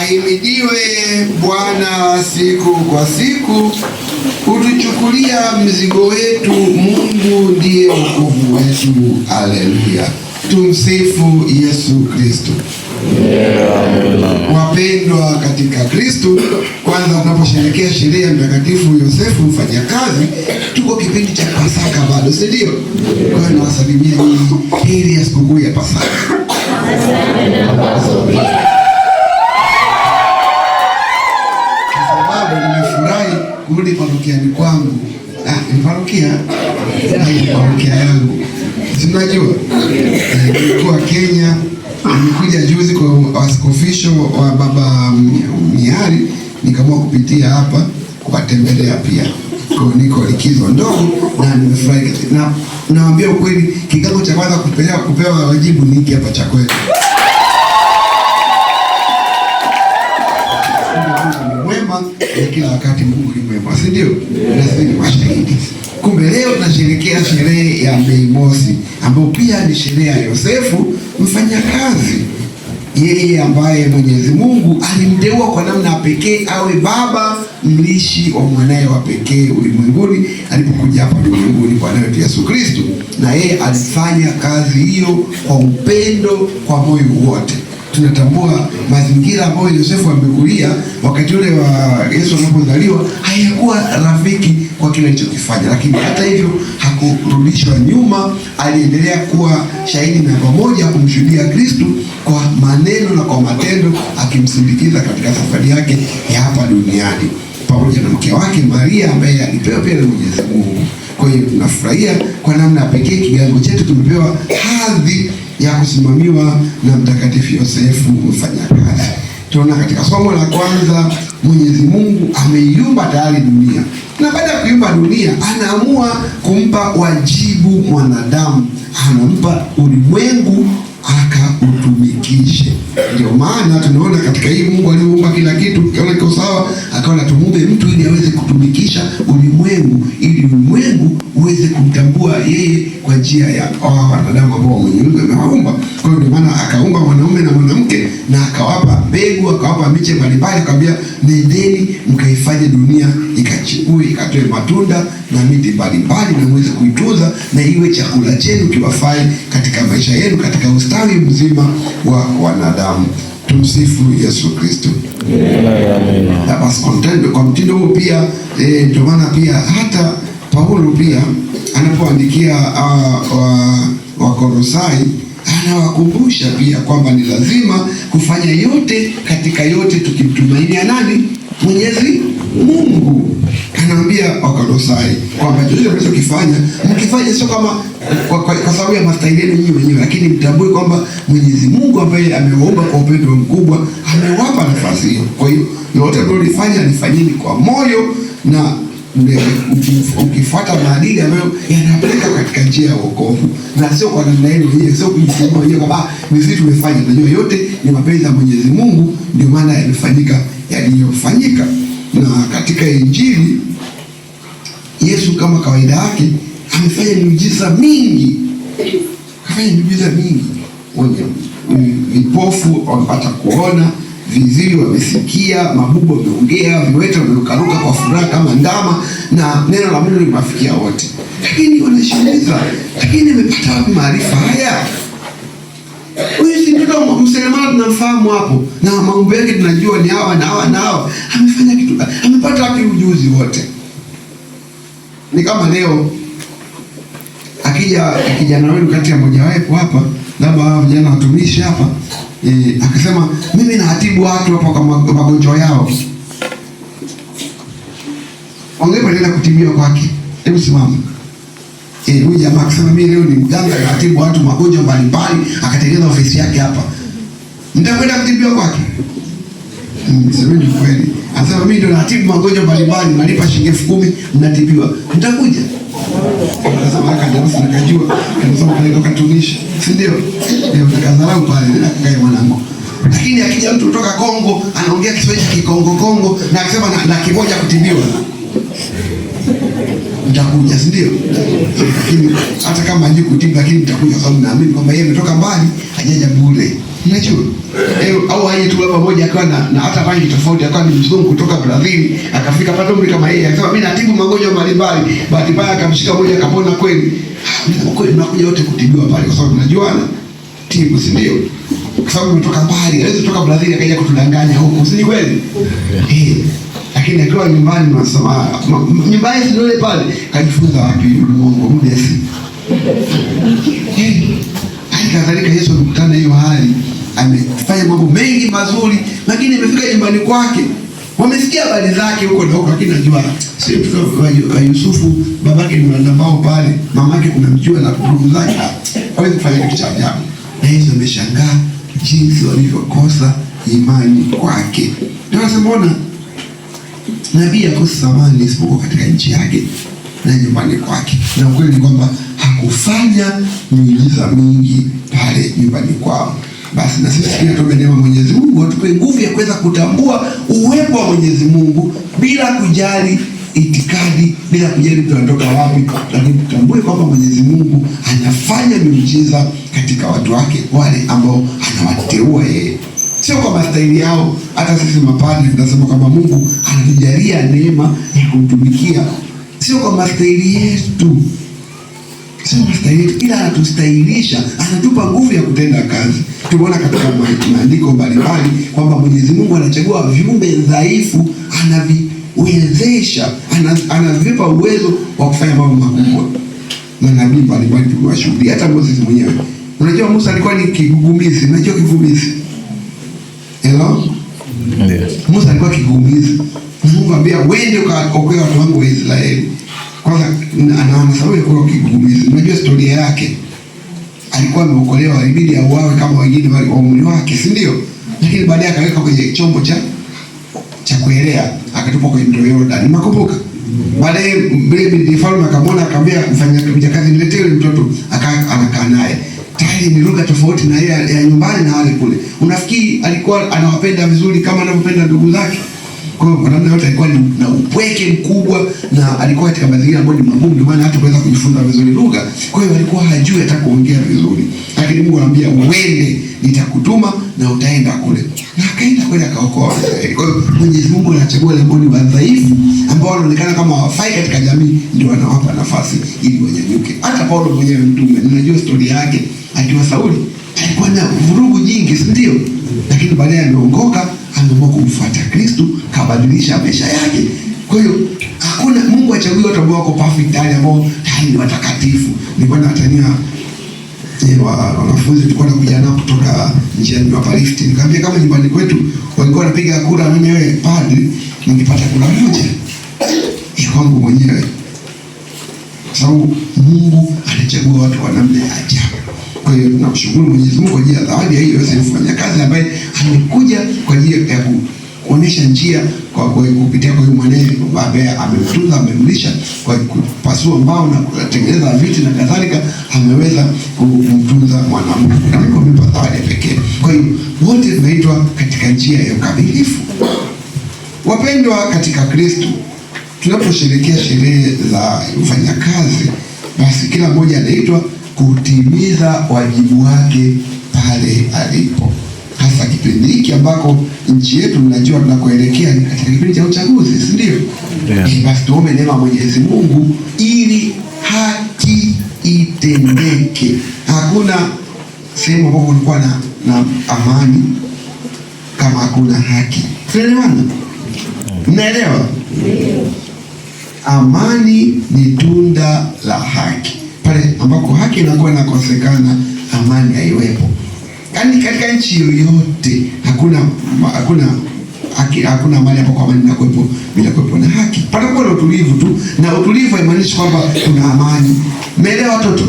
Ahimidiwe Bwana siku kwa siku, hutuchukulia mzigo wetu. Mungu ndiye wokovu wetu. Haleluya, tumsifu Yesu Kristo. Yeah, wapendwa katika Kristo, kwanza tunaposherekea sherehe ya Mtakatifu Yosefu mfanyakazi, tuko kipindi cha Pasaka bado, si ndio? Kwa hiyo nawasalimia heri ya sikukuu ya Pasaka. parokiani kwangu ah, ni parokia parokia yangu sinajua eh, nilikuwa Kenya. Nilikuja juzi kwa wasikofisho wa Baba um, Miari, nikaamua kupitia hapa kuwatembelea pia. Kwa niko likizo ndogo na nimefurahi na nawaambia ukweli, kigango cha kwanza kupewa kupewa wajibu ni hiki hapa cha kwetu. Yaani kila wakati Mungu limwema, si ndio? Na washahidi. Kumbe leo tunasherehekea sherehe ya Mei Mosi ambayo pia ni sherehe ya Yosefu mfanyakazi, yeye ambaye Mwenyezi Mungu alimteua kwa namna pekee awe baba mlishi wa mwanaye wa pekee ulimwenguni alipokuja hapa ulimwenguni kwa neno Yesu Kristo, na yeye alifanya kazi hiyo kwa upendo, kwa moyo wote tunatambua mazingira ambayo Yosefu amekulia wakati ule wa Yesu anapozaliwa hayakuwa rafiki kwa kile alichokifanya, lakini hata hivyo hakurudishwa nyuma. Aliendelea kuwa shahidi namba moja kumshuhudia Kristu kwa maneno na kwa matendo, akimsindikiza katika safari yake ya hapa duniani pamoja na mke wake Maria ambaye alipewa pia na Mwenyezi Mungu. Kwa hiyo tunafurahia kwa namna pekee, kigango chetu tumepewa hadhi ya kusimamiwa na Mtakatifu Yosefu mfanyakazi. Tunaona katika somo la kwanza Mwenyezi Mungu ameiumba tayari dunia, na baada ya kuiumba dunia anaamua kumpa wajibu mwanadamu, anampa ulimwengu akautumikishe. Ndio maana tunaona katika hii Mungu aliumba kila kitu, yaani kiona kiko sawa, akaona tumumbe mtu ili aweze kutumikisha ulimwengu, ili ulimwengu uweze kumtambua yeye kwa njia ya oh, wanadamu ambao Mwenyezi Mungu amewaumba. Kwa hiyo ndio maana akaumba mwanaume na mwanamke, na akawapa mbegu, akawapa miche mbalimbali, akamwambia nendeni mkaifanye dunia ikachipue, ikatoe matunda na miti mbalimbali na mweze kuitunza na iwe chakula chenu kiwafai katika maisha yenu katika ustawi mzima wa wanadamu. Tumsifu Yesu Kristo. Kwa mtindo huo pia eh, ndio maana pia hata Paulo pia anapoandikia ah, Wakolosai anawakumbusha pia kwamba ni lazima kufanya yote katika yote tukimtumainia nani? Mwenyezi Mungu. Anaambia Wakolosai kwamba chochote mnachokifanya mkifanya sio kama kwa, kwa, kwa sababu ya mastaili yenu nyinyi wenyewe, lakini mtambue kwamba Mwenyezi Mungu ambaye amewaumba kwa upendo mkubwa amewapa nafasi hiyo. Kwa hiyo lolote mnalolifanya lifanyeni kwa moyo na ukifuata maadili ambayo yanapeleka katika njia ya wokovu na sio kwa namna yenu wenyewe, sio kujisimama wenyewe kwamba mizii ah, tumefanya. Najua yote ni mapenzi ya Mwenyezi Mungu, ndio maana yamefanyika yaliyofanyika na katika Injili Yesu kama kawaida yake amefanya miujiza mingi, kafanya miujiza mingi. Wenye vipofu wamepata kuona, viziwi wamesikia, mabubu wameongea, viwete wamerukaruka kwa furaha kama ndama, na neno la Mungu limewafikia wote. Lakini wanashughuliza, lakini amepata wapi maarifa haya? Unajua mseremala tunamfahamu hapo na mambo yake tunajua ni hawa na hawa na hawa, amefanya kitu, amepata wapi ujuzi wote? Ni kama leo akija kijana wenu kati ya moja mojawapo hapa, labda hawa vijana watumishi hapa e, akasema mimi nahatibu watu hapa kwa magonjwa yao, ongea, kutimia kutibiwa kwake. Hebu simama. Eh, huyu jamaa akasema mimi leo ni mganga natibu watu magonjwa mbalimbali, akatengeneza ofisi yake hapa. Mtakwenda kutibiwa kwake? Hmm, ni kweli. Anasema mimi ndio natibu magonjwa mbalimbali, nalipa shilingi elfu kumi mnatibiwa. Mtakuja? Anasema aka ndio sana kajua, anasema kalitoka Tunisia, si ndio? Ndio mtakadharau pale akae mwanangu. Lakini akija mtu kutoka Kongo anaongea Kiswahili kikongo Kongo na akisema na moja kutibiwa mtakuja, si ndio? Lakini hata kama hajui kutibu, lakini mtakuja kwa sababu naamini kwamba yeye ametoka mbali, hajaja bure. Unajua? Eh, au aje tu baba mmoja akawa na, na hata rangi tofauti akawa ni mzungu kutoka Brazil akafika pale umri kama yeye akasema mimi natibu magonjwa mbalimbali, bahati mbaya akamshika moja akapona kweli. Ah, kweli mnakuja wote kutibiwa pale kwa sababu mnajuana timu, si ndio? Kwa sababu umetoka mbali, hawezi kutoka Brazil akaja kutudanganya huko, si kweli? Eh lakini akiwa nyumbani masoma nyumbani sidole pale kajifunza wapi Mungu mdesi eh, hali kadhalika Yesu alikutana hiyo hali, amefanya mambo mengi mazuri, lakini amefika nyumbani kwake wamesikia habari zake huko na huko, lakini najua sio kwa Yusufu. Babake ni mwanambao pale, mamake kunamjua na ndugu zake hawezi kufanya kitu cha ajabu, na Yesu ameshangaa jinsi walivyokosa imani kwake. Ndio nasema nabii akosi thamani isipokuwa katika nchi yake na nyumbani kwake. Na ukweli ni kwamba hakufanya miujiza mingi pale nyumbani kwao. Basi na sisi pia tuombe neema Mwenyezi Mungu atupe nguvu ya kuweza kutambua uwepo wa Mwenyezi Mungu bila kujali itikadi, bila kujali tunatoka wapi, lakini tutambue kwamba Mwenyezi Mungu anafanya miujiza katika watu wake wale ambao anawateua yeye sio kwa mastahili yao. Hata sisi mapadri tunasema kwamba Mungu anatujalia neema ya kumtumikia, sio kwa mastahili yetu, sio mastahili yetu, ila anatustahilisha, anatupa nguvu ya kutenda kazi. Tumeona katika maandiko mbalimbali kwamba Mwenyezi Mungu anachagua viumbe dhaifu, anaviwezesha, anavipa uwezo wa kufanya mambo makubwa. Manabii mbalimbali tumewashuhudia, hata Moses mwenyewe. Unajua Musa alikuwa ni kigugumizi. Unajua kivumizi Hello? Ndiyo. Musa alikuwa kigumizi. Mungu ambia wende ukaokoe watu wangu wa Israeli. Kwanza anaona sababu alikuwa kigumizi. Unajua historia yake. Alikuwa ameokolewa, ilibidi auawe kama wengine wa umri wake, si ndio? Lakini baadaye akaweka kwenye chombo cha cha kuelea, akatupwa kwenye mto Yordani. Unakumbuka? Baadaye Mfalme akamwona akamwambia, mfanya mjakazi, mtoto, akakaa naye tayari ni lugha tofauti na ile ya nyumbani na wale kule. Unafikiri alikuwa anawapenda vizuri kama anavyopenda ndugu zake? Kwa hiyo mwanamume yote alikuwa na upweke mkubwa na alikuwa katika mazingira ambayo ni magumu, ndio maana hata kuweza kujifunza vizuri lugha. Kwa hiyo alikuwa hajui hata kuongea vizuri, lakini Mungu anamwambia uende, nitakutuma na utaenda kule, na akaenda kule akaokoa. Kwa hiyo Mwenyezi Mungu anachagua wale ambao ni wadhaifu, ambao wanaonekana kama hawafai katika jamii, ndio anawapa nafasi ili wanyanyuke. Hata Paulo mwenyewe mtume, ninajua stori yake, akiwa Sauli alikuwa na vurugu nyingi, si ndio? Lakini baadaye ameongoka akaamua kumfuata Kristo, kabadilisha maisha yake. Kwa hiyo hakuna Mungu achagui watu ambao wako perfect, wale ambao tayari ni watakatifu. Nilikuwa natania eh, wanafunzi tulikuwa nakuja nao kutoka njiani wa Parifti, nikamwambia kama nyumbani kwetu walikuwa wanapiga kura, mimi wewe padri ningepata kura moja eh, kwangu mwenyewe, kwa sababu Mungu anachagua watu wa namna ya ajabu. Kwa hiyo tunamshukuru Mwenyezi Mungu kwa ajili ya zawadi hiyo, yote mfanya kazi ambaye alikuja kwa ajili ya kuonesha njia kwa kupitia kwa huyu mwanae ambaye amemtunza, amemlisha kwa kupasua mbao na kutengeneza viti na kadhalika, ameweza kumtunza mwanamke alikompa zawadi pekee. Kwa hiyo wote tunaitwa katika njia ya ukamilifu. Wapendwa katika Kristo, tunaposherekea sherehe za mfanyakazi, basi kila mmoja anaitwa kutimiza wajibu wake pale alipo hasa kipindi hiki ambako nchi yetu tunajua tunakoelekea ni katika kipindi cha uchaguzi, si ndio? Yeah. E, basi tuombe neema Mwenyezi Mungu ili haki itendeke. Hakuna sehemu ambapo kulikuwa na, na amani kama hakuna haki. Tunaelewana? Mnaelewa? Amani ni tunda la haki. Pale ambako haki inakuwa inakosekana, amani haiwepo. Yaani katika nchi yoyote hakuna hakuna haki, hakuna amani hapo kwa amani inakuwepo bila kuwepo na haki. Patakuwa na utulivu tu, na utulivu haimaanishi kwamba kuna amani. Umeelewa watoto?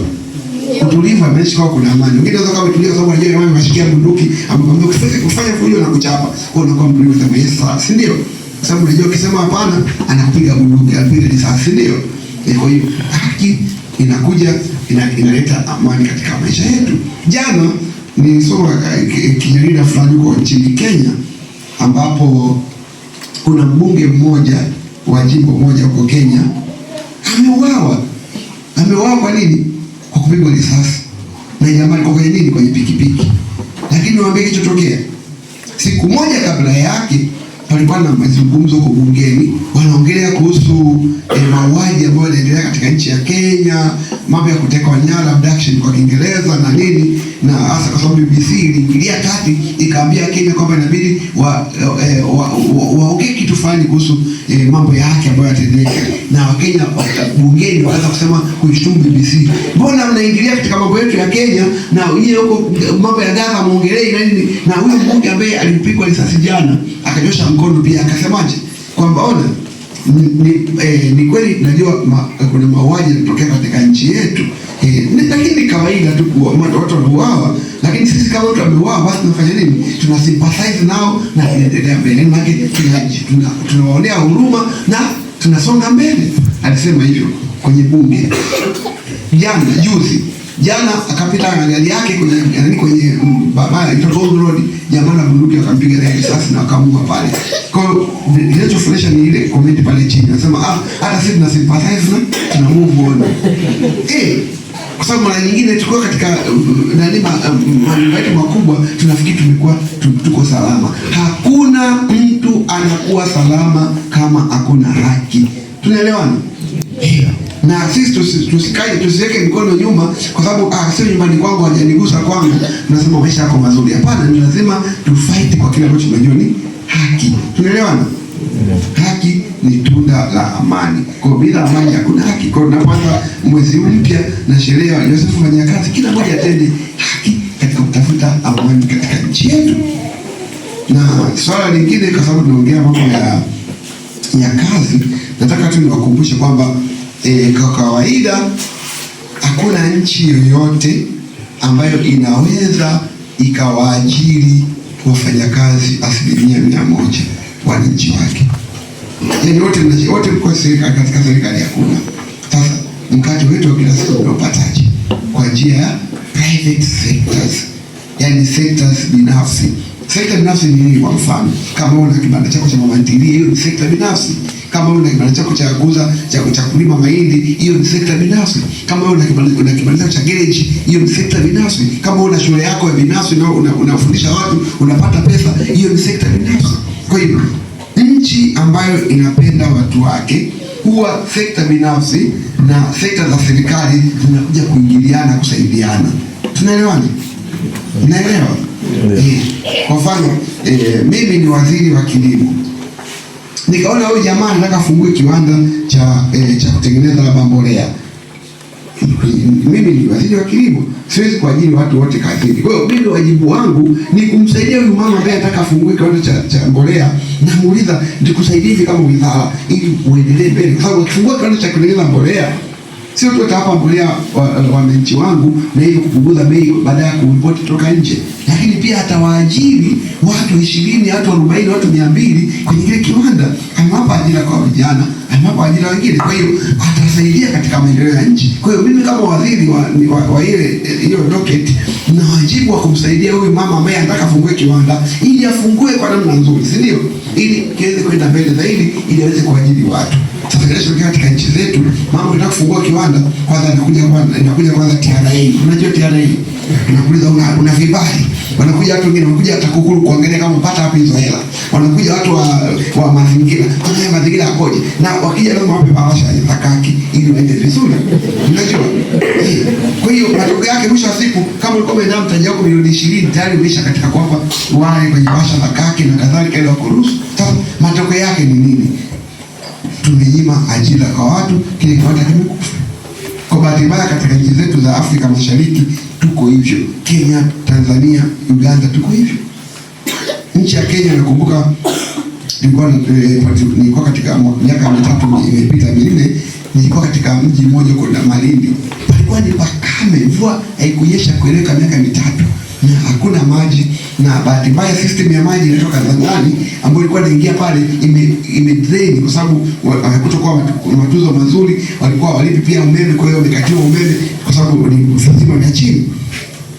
Utulivu haimaanishi kwamba kuna amani. Wengine wanaweza kama tulia sababu anajua amani anashikia bunduki, amkwambia ukifanya kufanya fujo na kuchapa, wewe unakuwa mtulivu kama Yesu, si ndio? Kwa sababu unajua ukisema hapana, anakupiga bunduki, anapiga risasi, si ndio? Eh, kwa hiyo haki inakuja inaleta amani katika maisha yetu. Jana nilisoma kijarida fulani huko nchini Kenya ambapo kuna mbunge mmoja wa jimbo moja huko Kenya ameuawa. Ameuawa kwa nini? Kwa kupigwa risasi na jamaa alikuwa kwenye nini? Kwenye pikipiki. Lakini niwaambie kilichotokea, siku moja kabla yake palikuwa na mazungumzo huko bungeni, wanaongelea kuhusu eh, mauaji ambayo yanaendelea katika nchi ya Kenya, mambo ya kutekwa nyara, abduction kwa Kiingereza na nini na hasa kwa sababu BBC iliingilia kati ikaambia Kenya kwamba inabidi waongee wa, wa, wa, wa, wa kitu fulani kuhusu eh, mambo ya haki ambayo yatendeka, na Wakenya bungeni wakaanza kusema kuishtumu BBC, mbona mnaingilia katika mambo yetu ya Kenya na yeye huko mambo ya Gaza muongelee na nini? Na huyu mbunge ambaye alipigwa risasi jana akanyosha mkono pia akasemaje kwamba ona ni, eh, ni kweli najua ma, kuna mauaji yanatokea katika nchi yetu eh, lakini kawaida tu watu wanauawa, lakini sisi kama watu wameuawa, basi tunafanya nini? Tunasympathize nao na tunaendelea mbele, maana tunawaonea tuna huruma na tunasonga mbele. Alisema hivyo kwenye bunge jana juzi. Jana akapita na gari yake kwenye yani kwenye mm, barabara ile Gold Road, jamaa na bunduki akampiga na risasi na akamua pale. Kwa hiyo kinachofurahisha ni ile comment pale chini anasema, ah, hata sisi tuna sympathize na tuna move on eh, kwa sababu mara nyingine tuko katika uh, nani um, mambo yetu makubwa tunafikiri tumekuwa tuko salama. Hakuna mtu anakuwa salama kama hakuna haki. Tunaelewana? na sisi tusikae tusiweke mikono nyuma, kwa sababu ah, sio nyumbani kwangu, hajanigusa kwangu, nasema maisha yako mazuri. Hapana, ni lazima tufaiti kwa kile ambacho tunajua ni haki. Tunaelewana? Haki ni tunda la amani, kwa bila amani hakuna haki. Kwa tunapoanza mwezi mpya na sherehe ya Yosefu fanya kazi, kila mmoja atende haki katika kutafuta amani katika nchi yetu. Na swala lingine, kwa sababu tunaongea mambo ya ya kazi, nataka tu niwakumbushe kwamba e, kwa kawaida hakuna nchi yoyote ambayo inaweza ikawaajiri wafanyakazi asilimia mia moja wananchi wake, yaani wote wote mko serikali, katika serikali hakuna. Sasa mkate wetu wa kila siku unapataje? Kwa njia ya private sectors, yani sectors binafsi. Sekta binafsi ni nini? Kwa mfano, kama una kibanda chako cha mama ntilie, hiyo ni sekta binafsi. Kama una kibali chako cha kuuza cha kulima mahindi, hiyo ni sekta binafsi. Kama una kibali chako cha gereji, hiyo ni sekta binafsi. Kama una shule yako ya binafsi na unafundisha una watu unapata pesa, hiyo ni sekta binafsi. Kwa hiyo nchi ambayo inapenda watu wake huwa sekta binafsi na sekta za serikali zinakuja kuingiliana, kusaidiana. Tunaelewana? Naelewa. Eh, kwa mfano, eh, mimi ni waziri wa kilimo Nikaona huyu jamaa anataka afungue kiwanda cha eh, cha kutengeneza labda mbolea. Mimi ni waziri wa kilimo, siwezi kuajiri watu wote kazini. Kwa hiyo mimi wajibu wangu ni kumsaidia huyu mama ambaye anataka afungue kiwanda cha, cha mbolea, na muuliza nikusaidieje kama wizara ili uendelee mbele, kwa sababu ukifungua kiwanda cha kutengeneza mbolea sio tu atawapa mbolea wananchi wa, wananchi wangu na hivyo kupunguza bei baada ya kuimport kutoka nje, lakini pia atawaajiri watu ishirini, watu arobaini, watu mia mbili kwenye kile kiwanda. Amewapa ajira kwa vijana, amewapa ajira wengine, kwa hiyo atasaidia katika maendeleo ya nchi. Kwa hiyo mimi kama waziri wa, wa, wa ile eh, hiyo docket na wajibu wa kumsaidia huyu mama ambaye anataka afungue kiwanda ili afungue kwa namna nzuri, si ndio? ili kiweze kwenda mbele zaidi, ili aweze kuajiri watu. Sasa kinachotokea katika nchi zetu, mambo tunataka kufungua kiwanda, kwanza inakuja kwanza inakuja kwanza TRA. Unajua TRA tunakuuliza una, una vibali. Wanakuja watu wengine wanakuja TAKUKURU kuangalia kama mpata wapi hizo hela. Wanakuja watu wa, wa mazingira, kwanza mazingira yakoje, na wakija lazima wape bahasha ya zakaki ili waende vizuri. Unajua eh. kwa hiyo matokeo yake mwisho wa siku, kama ulikuwa umeenda mtaji wako milioni 20 tayari umeisha katika kwamba wale kwenye bahasha zakaki na kadhalika, ile wakuruhusu matokeo yake ni nini? Tumenyima ajira kwa watu, kile kiwanda kimekufa. Kwa bahati mbaya, katika nchi zetu za Afrika Mashariki tuko hivyo, Kenya, Tanzania, Uganda, tuko hivyo. Nchi ya Kenya nakumbuka nilikuwa eh, eh, nilikuwa katika miaka mitatu imepita minne, nilikuwa katika mji mmoja huko na Malindi, palikuwa ni pakame, mvua haikunyesha kueleka miaka mitatu na hakuna maji, na bahati mbaya system ya maji inatoka ndani ambayo ilikuwa inaingia pale ime, ime drain kwa sababu hakutokuwa matunzo mazuri, walikuwa walipi pia umeme, kwa hiyo wamekatiwa umeme kwa sababu ni mzima na chini.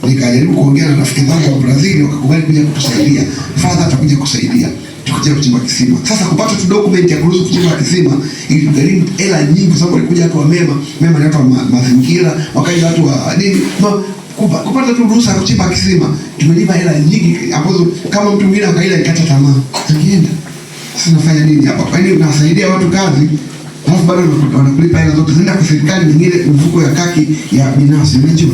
Nikajaribu kuongea na rafiki zangu wa Brazil, wakakubali kuja kutusaidia, father atakuja kusaidia tukuja kuchimba kisima. Sasa kupata tu document ya kuruhusu kuchimba kisima iligharimu hela nyingi, kwa sababu walikuja watu wa mema mema, ni watu wa mazingira, wakaja watu wa dini ma, kupa, kupata tu ruhusa kuchimba kisima. Tumelipa hela nyingi ambazo kama mtu mwingine akaila ikata tamaa, angeenda sinafanya nini hapa? Kwa hiyo unasaidia watu kazi halafu bado wanakulipa hela zote zinaenda kwa serikali nyingine, mifuko ya kaki ya binafsi, unajua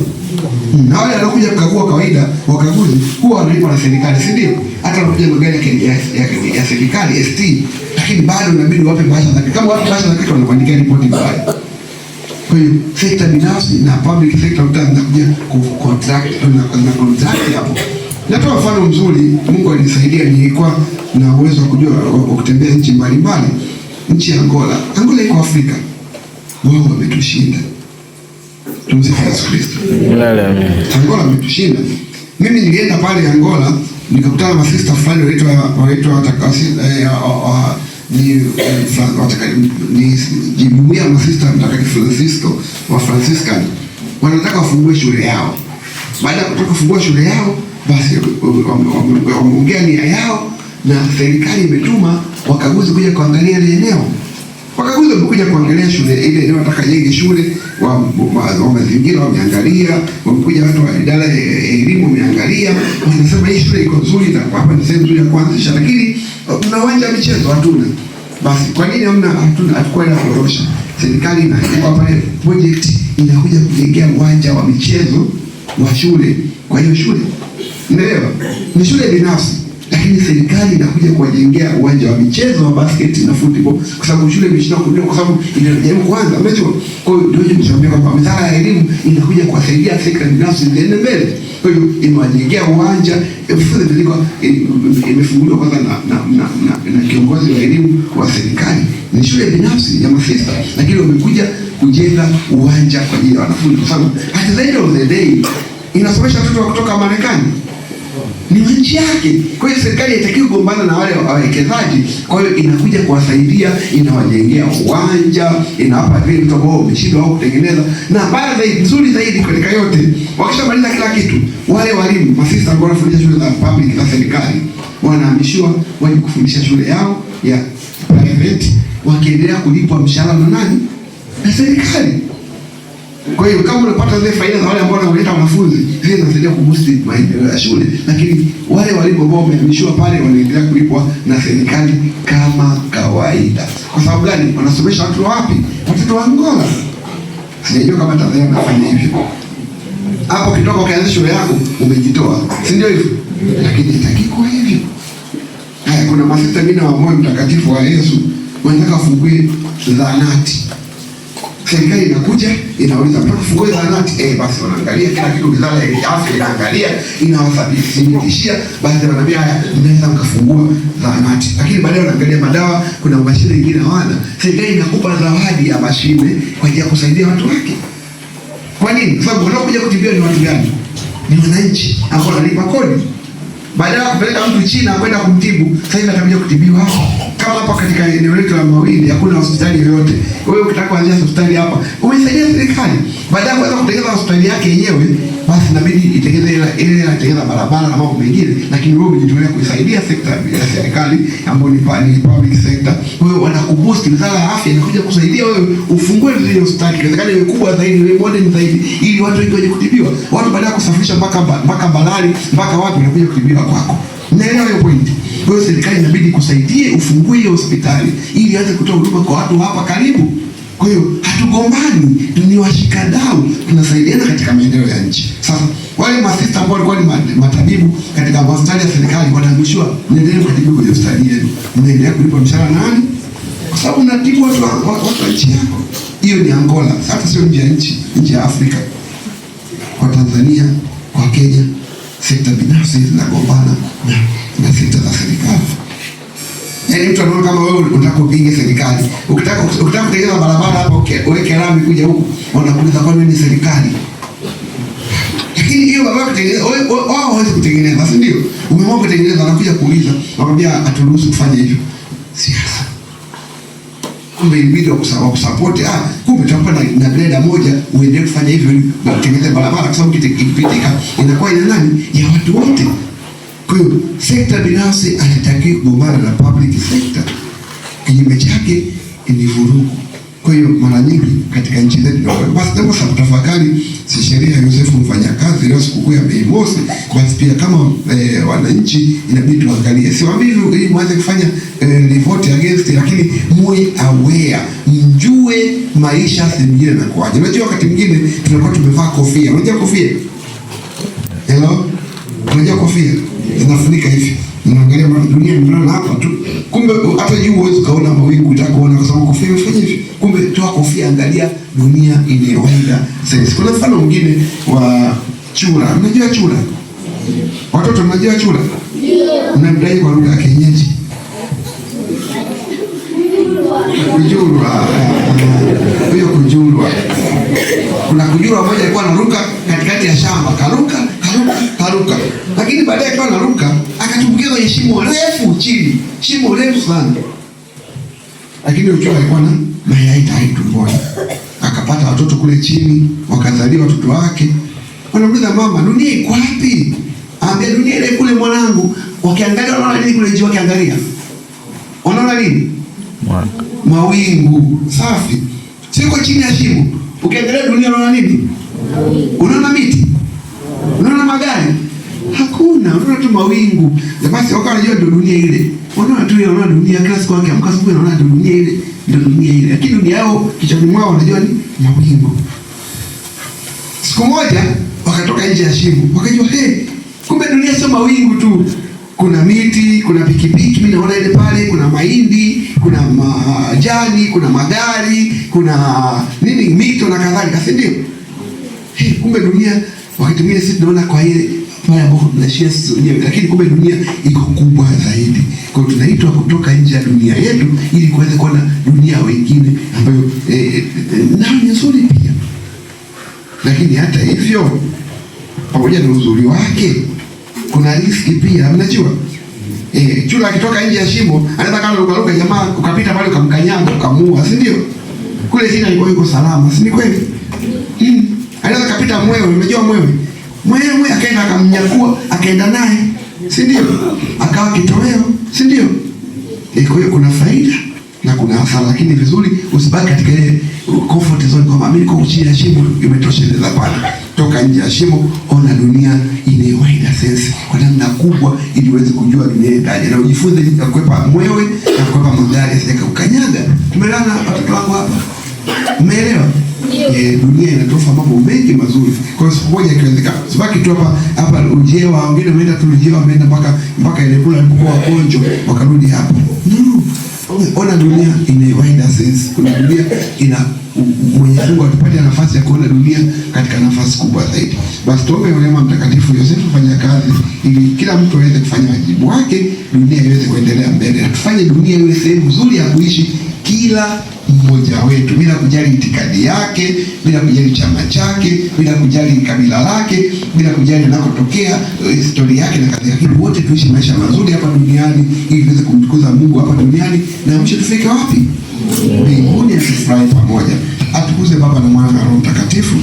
hmm. Na wale wanakuja kukagua kawaida, wakaguzi huwa wanalipwa na serikali, si ndio? Hata wanakuja magari ya, ya, ya serikali ST, lakini bado inabidi wape bahasha zake. kama wape bahasha zake, wanakuandikia ripoti mbaya kwenye sekta binafsi na public sector mtakuja ku contract na contract hapo. Natoa mfano mzuri, Mungu alisaidia nilikuwa na uwezo kujua kutembea nchi mbalimbali. Nchi ya Angola, Angola iko Afrika, wao wametushinda. Tumsifu Yesu Kristo. Angola wametushinda. Mimi nilienda pale Angola nikakutana na sister fulani wanaitwa wanaitwa watakasi ni masista mtakatifu Francisco wa Franciscan wanataka wafungue shule yao. Baada ya kutaka kufungua shule yao, basi wameongea nia yao na serikali imetuma wakaguzi kuja kuangalia ile eneo. Wakaguzi wamekuja kuangalia shule ile eneo, nataka jengi shule wa, wameangalia, wamekuja watu wa idara ya elimu wameangalia, wanasema hii shule iko nzuri, hapa ni sehemu nzuri ya kuanzisha, lakini Mna uwanja michezo? Hatuna. Basi kwa nini hamna? Hatuna, hatakuwa ila kuorosha. Serikali inakuwa pale project inakuja kujengea uwanja wa michezo wa shule. Kwa hiyo shule, unaelewa, ni shule binafsi lakini serikali inakuja kuwajengea uwanja wa michezo wa basket na football, kwa sababu shule imeshindwa kulipa, kwa sababu inajaribu kwanza. Unajua, kwa hiyo ndio nimeshaambia kwamba wizara ya elimu inakuja kuwasaidia sekta binafsi ziende mbele. Kwa hiyo imewajengea uwanja fedha zilikuwa imefunguliwa kwanza na na, na, na, na kiongozi wa elimu wa serikali, ni shule binafsi ya masista, lakini wamekuja kujenga uwanja kwa ajili ya wanafunzi, kwa sababu at the end of the day inasomesha watoto kutoka Marekani ni nchi yake. Kwa hiyo serikali haitakiwi kugombana na wale wawekezaji. Kwa hiyo inakuja kuwasaidia, inawajengea uwanja, inawapa vile vitu ambao wameshindwa au kutengeneza, na baya zaidi, nzuri zaidi katika yote, wakishamaliza kila kitu, wale walimu masista ambao wanafundisha shule za public za serikali wanahamishiwa waje kufundisha shule yao ya private, wakiendelea kulipwa mshahara na nani? Na serikali. Kwa hiyo kama unapata zile faida za wale ambao wanaleta wanafunzi, zile zinasaidia kuboost maendeleo ya shule, lakini wale walipo ambao wamehamishiwa pale wanaendelea kulipwa na serikali kama kawaida. Kwa sababu gani? Wanasomesha watu wapi? Watoto wa Angola. Sijajua kama Tanzania wanafanya hivyo. Hapo kitoka ukianza shule yako umejitoa, si ndio hivyo? Lakini itakiwa hivyo. Haya, kuna masista mimi na wamoyo mtakatifu wa Yesu wanataka wafungue zanati serikali inakuja inauliza mpaka fungue zahanati eh, basi wanaangalia kila kitu, wizara ya afya inaangalia, inawathibitishia, basi wanaambia haya, mnaweza mkafungua zahanati, lakini baadaye wanaangalia madawa, kuna mashine nyingine hawana. Serikali inakupa zawadi ya mashine kwa ajili ya kusaidia watu wake. Kwa nini? Kwa sababu wanaokuja kutibiwa ni watu gani? Ni wananchi ambao wanalipa kodi. Baadaye kupeleka mtu China kwenda kumtibu, sasa hivi atakuja kutibiwa hapo kama hapa katika eneo letu la Mawindi hakuna hospitali yoyote. Wewe ukitaka kuanzia hospitali hapa kusaidia serikali. Baada ya kuweza kutengeneza hospitali yake yenyewe, basi inabidi itengeneze ile ile inatengeneza barabara na mambo mengine, lakini wewe umejitolea kuisaidia sekta ya serikali ambayo ni public sector. Kwa wanakuboost, wizara ya afya inakuja kusaidia wewe ufungue ile hospitali, inawezekana iwe kubwa zaidi, iwe modern zaidi, ili watu wengi waje kutibiwa. Watu baada ya kusafirisha mpaka mpaka Balali mpaka wapi, wanakuja kutibiwa kwako. Naelewa hiyo point. Kwa hiyo serikali inabidi kusaidie ufungue hospitali ili aanze kutoa huduma kwa watu hapa karibu. Kwa hiyo hatugombani, ni washikadau, tunasaidiana katika maeneo ya nchi. Sasa wale masista ambao walikuwa ni matabibu katika hospitali ya serikali wataambiwa, nendeni kutibu kwenye hospitali yenu, mnaendelea kulipa mshahara nani? Kwa sababu natibu watu wa nchi yako. Hiyo ni Angola, sasa sio nje ya nchi, nje ya Afrika. Kwa Tanzania, kwa Kenya, sekta binafsi zinagombana na sekta za serikali. Yaani mtu anaona kama wewe unataka kupinga serikali. Ukitaka ukitaka kutengeneza barabara hapo weke alama kuja huku, wanakuuliza kwani ni serikali? Lakini hiyo barabara kutengeneza wao hawezi kutengeneza, si ndio? Umeamua kutengeneza anakuja kuuliza, wanakuambia haturuhusu kufanya hivyo. Siasa. Kumbe ilibidi wakusapoti, ah, kumbe tutakuwa na, na greda moja uendelee kufanya hivyo ili utengeneze barabara kwa sababu kitu inakuwa ina nani ya watu wote. Kwa hiyo sekta binafsi haitakiwi kugombana na public sector, kinyume chake ni vurugu. Kwa hiyo mara nyingi katika nchi zetu basi tafakari, si sheria ya Yosefu mfanyakazi leo sikukuu ya Mei Mosi, basi pia kama eh, wananchi inabidi tuangalie, si wavivu ili eh, muanze kufanya eh, vote against, lakini muwe aware, mjue maisha si mingine na kuaje. Unajua wakati mwingine tunakuwa tumevaa kofia, unajua kofia, hello, unajua kofia inafunika hivi, unaangalia dunia imelala hapa tu, kumbe uh, hata juu huwezi kaona mawingu, utakuona kwa sababu kofia imefanya hivi. Kumbe toa kofia, angalia dunia inayoenda sasa. Kuna mfano mwingine wa chura. Mnajua chura? Watoto mnajua chura? Mnamdai kwa lugha ya kienyeji kujurwa. Huyo kujurwa, kuna kujurwa moja alikuwa anaruka katikati ya shamba, karuka anaruka, lakini baadaye akiwa anaruka akatumbukia kwenye shimo refu chini, shimo refu sana, lakini ukiwa alikuwa na mayai tayari tumboni, akapata watoto kule chini, wakazaliwa watoto wake. Wanamuuliza mama, dunia iko wapi? Ambia dunia ile kule mwanangu. Wakiangalia wanaona nini kule juu? Wakiangalia wanaona nini? Mawingu safi, siko chini ya shimo. Ukiangalia dunia unaona nini? Unaona miti, unaona magari Hakuna, unaona tu mawingu. Ya basi wakawa wanajua ndio dunia ile. Wanaona tu ile, wanaona dunia kila siku yake amka asubuhi wanaona dunia ile, ndo dunia ile. Lakini dunia yao kichwani mwao wanajua ni mawingu. Siku moja wakatoka nje ya shimo, wakajua hey, kumbe dunia sio mawingu tu. Kuna miti, kuna pikipiki, mimi naona ile pale, kuna mahindi, kuna majani, kuna magari, kuna nini, mito na kadhalika, si ndio? Hey, kumbe dunia wakati mwingine sisi tunaona kwa ile haya ambavyo tunaishia sisi wenyewe, lakini kumbe dunia iko kubwa zaidi. Kwa hiyo tunaitwa kutoka nje ya dunia yetu ili kuweza kuona dunia wengine ambayo eh, eh, eh nayo ni nzuri pia. Lakini hata hivyo, pamoja na uzuri wake kuna riski pia, mnajua eh, chura akitoka nje ya shimo anaweza kama lukaluka jamaa ukapita pale ukamkanyaga ukamuua, si ndio? Kule chini alikuwa yuko salama, si ni kweli? Hmm. Anaweza kapita mwewe, unajua mwewe mwewe akaenda akamnyakua, akaenda naye, si ndio? Akawa kitoweo, si ndio? Eh, kwa hiyo kuna faida na kuna hasara, lakini vizuri usibaki katika ile comfort zone kwamba mimi niko chini ya shimo, imetosheleza. pana toka nje ya shimo, ona dunia ile wider sense, kwa namna kubwa, ili uweze kujua dunia ndani na ujifunze jinsi ya kukwepa mwewe na kukwepa magari, sije kukanyaga. Tumelana watoto wangu hapa, umeelewa yeah. Dunia inatofa mambo mengi mazuri, kwa hiyo siku moja ikiwezeka. sibaki tu hapa hapa Ujewa. Wengine wameenda tu Ujewa, wameenda mpaka mpaka ile kule alipokuwa wagonjwa wakarudi hapo. ona dunia ina wider sense. Kuna dunia ina Mwenyezi Mungu atupatia nafasi ya kuona dunia katika nafasi kubwa zaidi. Basi tuombe wema mtakatifu Yosefu, fanya kazi ili kila mtu aweze kufanya wajibu wake, dunia iweze kuendelea mbele. Tufanye dunia iwe sehemu nzuri ya kuishi kila mmoja wetu bila kujali itikadi yake, bila kujali chama chake, bila kujali kabila lake, bila kujali anakotokea, eh, historia yake na kazi yake, wote tuishi maisha mazuri hapa duniani ili tuweze kumtukuza Mungu hapa duniani na mshe tufike wapi? Mbinguni, atufurahi pamoja. Atukuze Baba na Mwana na Roho Mtakatifu.